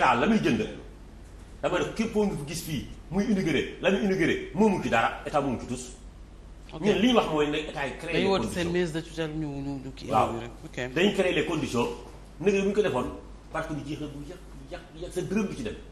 état la muy jënd dama def képp koo gis fii muy inauguré la muy inauguré moomu ci dara état moomu ci tus. ok ñun li ñu wax mooy ne état yi créé les conditions dañu seen ministre de ñu ñu ñu kii. waaw dañu créé les conditions bu ñu ko defoon parce que du jeex bu yàq yàq yàq sa dërëm bi ci dem.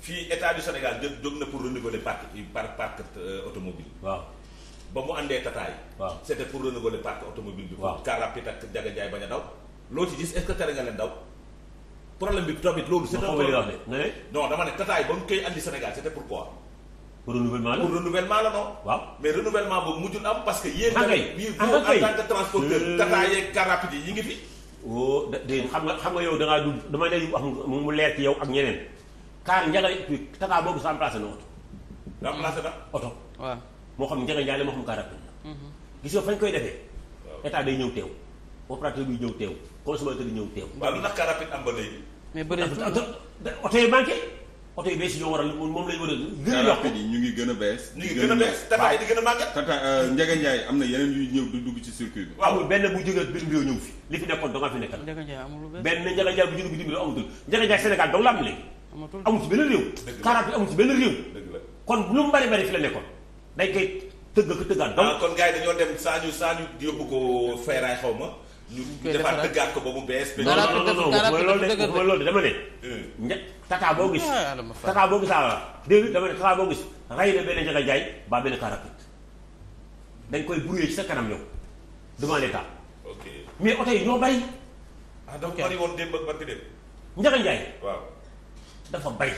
fii état du Sénégal jë jóg na pour renouveler parc par parc euh, automobile waaw ba mu àndee tataay waaw c'était pour renouveler parc automobile bi waaw car rapide ak jaga bañ a daw loo ci gis est-ce que tere nga leen dama ne tataay ba mu koy andi Sénégal la pour waaw mais renouvellement boobu mujjul am parce que. yéen tamit yéen en tant que transporteur. Euh. tata car rapide yi ngi fi. wóo oh, de xam nga xam nga yow da ngaa dund dama lay wax mu leer ci yow ak ñeneen. kaar njaga takaa boobu remplacé na oto. na oto. waaw moo xam njaga njaale moo xam kaar ak mhm. gis nga fañ koy defee. état day ñëw teew. opérateur bi ñëw teew. consommateur bi ñëw teew. waaw am ba léegi. mais bëreetul oto yi manqué. oto war a gën a ñu ngi gën a bees. ñu a bees tata euh, na yeneen yu ñëw du dugg ci circuit bi. waaw benn bu jógee bitim réew ñëw fi. li fi nekkoon danga fi nekkal. Ndiaga Ndiaye amul benn Ndiaga bu jógee bitim réew amatul Ndiaga Ndiaye Sénégal dong la am léegi amul ci benn réew kaaraat bi amul ci benn réew kon lu mu bari bari fi la nekkoon dañ koy tëgg ko tëggaat ah, donc kon gars dañoo dem saa ñu saa ñu yóbbu ko feeraay xaw ma ñu defaat tëggaat ko ba mu bees non non non mooy loolu de mooy loolu dama ne hmm. ña boo gis ah, tataa boo gis ala dégg dama ne tataa boo gis rey na benn njaga baa benn dañ koy brouillé sa kanam yow devant mais oto yi ñoo bari ah donc bari woon démb dafa bay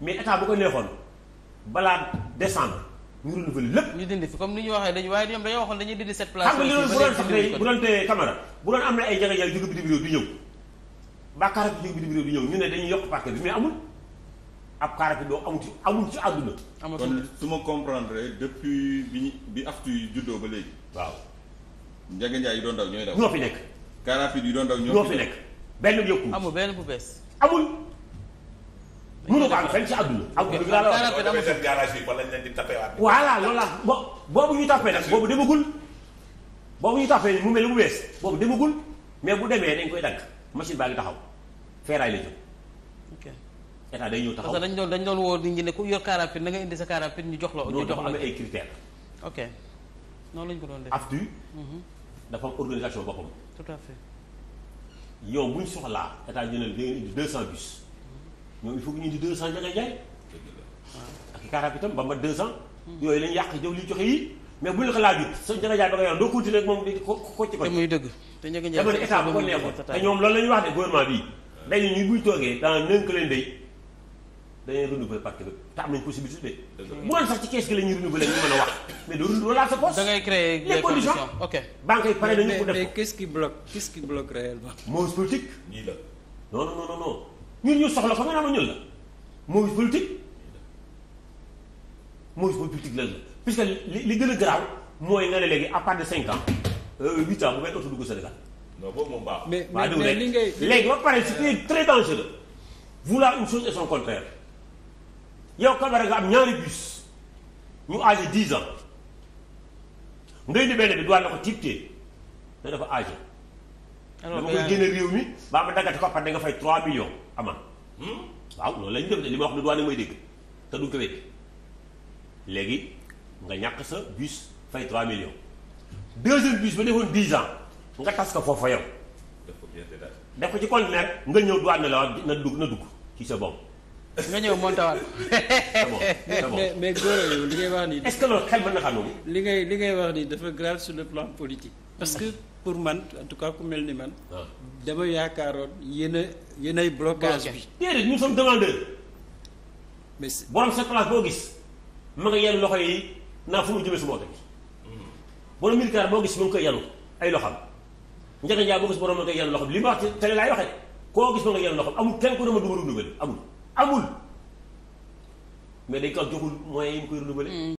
mais état bu ko neexoon balaa décembre ñu renouveler lépp. ñu dindi fi comme ni ñu waxee dañu waaye ñoom dañoo waxoon dañuy dindi cette place. xam nga li doon bu doon bu doon di ñëw ba kaar ak jóge bitim ñëw ñu ne dañuy yokk parc bi mais amul ab kaar ak doo amul ci amul ci àdduna. amatul kon su ma comprendre bi ñu bi aftu ba léegi. waaw. njaganjaay yi doon daw ñooy daw. ñoo fi nekk. car rapide yi doon daw ñoo fi nekk. benn yokku amul benn bu bees amul. mënoo ko am fenn ci àdduna. am dëgg laa la wax bo boobu ñu tapee nag boobu demagul. boobu ñu tapee mu mel mu wees boobu demagul mais bu demee dañ koy dagg machine baa ngi taxaw feeraay la jóg. ok état day ñëw taxaw parce que dañ doon dañ doon woo nit ñi ne ku yor car rapide indi sa car ñu jox la. ñu jox la am ay ok noonu lañ ko doon def. AFTU. Mhm. dafa am organisation boppam. tout à fait yow bu ñoom il faut ñu indi 200 ña ngay ma 200. yooyu lañ la ko laajut sa njëkk jaay ba nga yoon doo continuer ak moom di ko ko ko. te muy dëgg te njëkk jaay la wax de gouvernement bi ah. dañu ñu buy toogee dans nënk leen day dañuy renouveler parc bi te am nañ possibilité. dëgg sax ci kees gi la ñuy renouveler ñu mën a wax mais du renouveler laal sa banque yi pare nañu ko def mais mais quest la non non non non. ñun ñu soxla ko nga naan ñun la mooy politique mooy politique la la puisque li li gën a garaaw mooy nga ne léegi à part de cinq ans euh, huit ans bu may oto dugg Sénégal. non boobu moom baaxul. mais mais li ngay léegi ba pare c'est très dangereux. vouloir une chose et son contraire yow Kabare nga am ñaari bus ñu âgé dix ans ngay ni benn bi doon na ko tiitee ne dafa âgé. alors koy génne réew mi ba am dagati ko par da nga fay trois millions. amaan hmm? waaw loolu lañu def de li ma wax du duwaane may dégg te duñ ko léegi nga ñàkk sa bus fay 3 millions deuxième bus ba defoon 10 ans nga tas ko foofu yow def ko ci conteneur nga ñëw duwaan ne la wax na dugg na dugg ci sa bopp nga ñëw montawaat. mais mais góor a yow li ngay wax nii. est li ngay li ngay wax nii dafa grave sur le plan politique. parce que. pour man en tout cas ku mel ni man. Ah. dama yaakaaroon yéen a yéen ay bi. déedéet nous sommes demandeurs. mais borom sa place boo gis ma nga yenu loxo yi naa fu mu jëmee su moto bi. borom militaire boo gis mu ngi koy yenu ay loxam njëkk njaay boo gis borom ma nga koy yenu laay waxee koo gis ma nga amul kenn ku ne ma du ma amul amul mais dañ ko joxul moyens yi mu koy renouveler. Hmm.